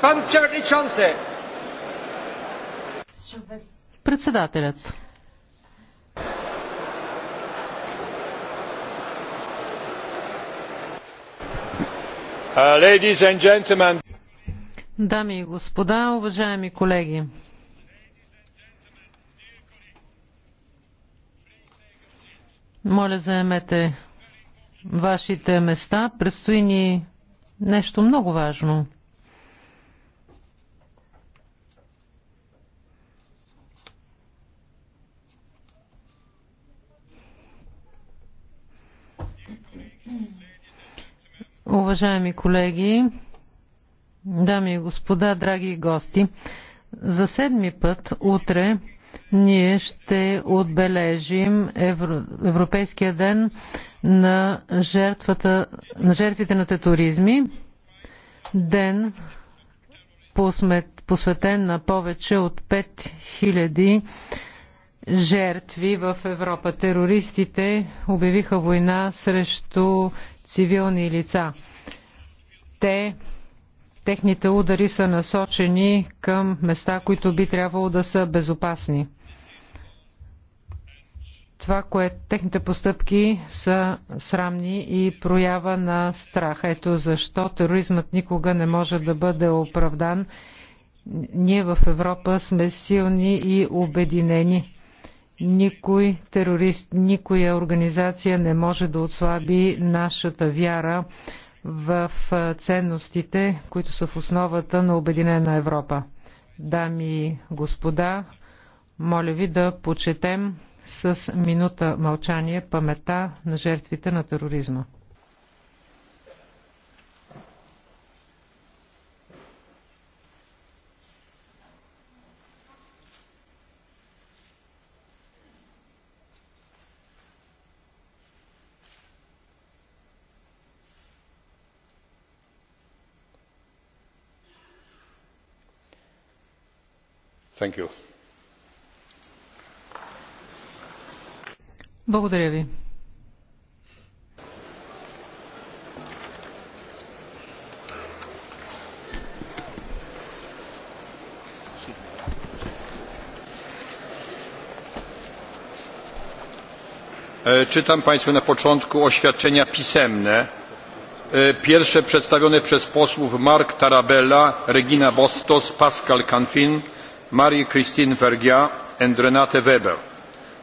Пан Председателят. Uh, Дами и господа, уважаеми колеги! Моля, заемете вашите места. Предстои ни нещо много важно. Уважаеми колеги, дами и господа, драги гости, за седми път утре ние ще отбележим Евро... Европейския ден на, жертвата... на жертвите на тероризми, ден посмет... посветен на повече от 5000 жертви в Европа. Терористите обявиха война срещу цивилни лица. Те, техните удари са насочени към места, които би трябвало да са безопасни. Това, което техните постъпки са срамни и проява на страх. Ето защо тероризмът никога не може да бъде оправдан. Ние в Европа сме силни и обединени никой терорист, никоя организация не може да отслаби нашата вяра в ценностите, които са в основата на Обединена Европа. Дами и господа, моля ви да почетем с минута мълчание памета на жертвите на тероризма. Thank you. Благодаря ви. czytam państwu na początku oświadczenia pisemne pierwsze przedstawione przez posłów Mark tarabella regina Bostos, pascal canfin Marie Christine Vergia and Renate Weber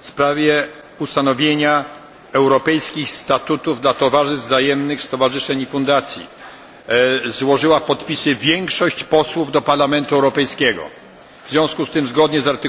w sprawie ustanowienia europejskich statutów dla towarzystw wzajemnych, stowarzyszeń i fundacji złożyła podpisy większość posłów do Parlamentu Europejskiego. W związku z tym zgodnie z art.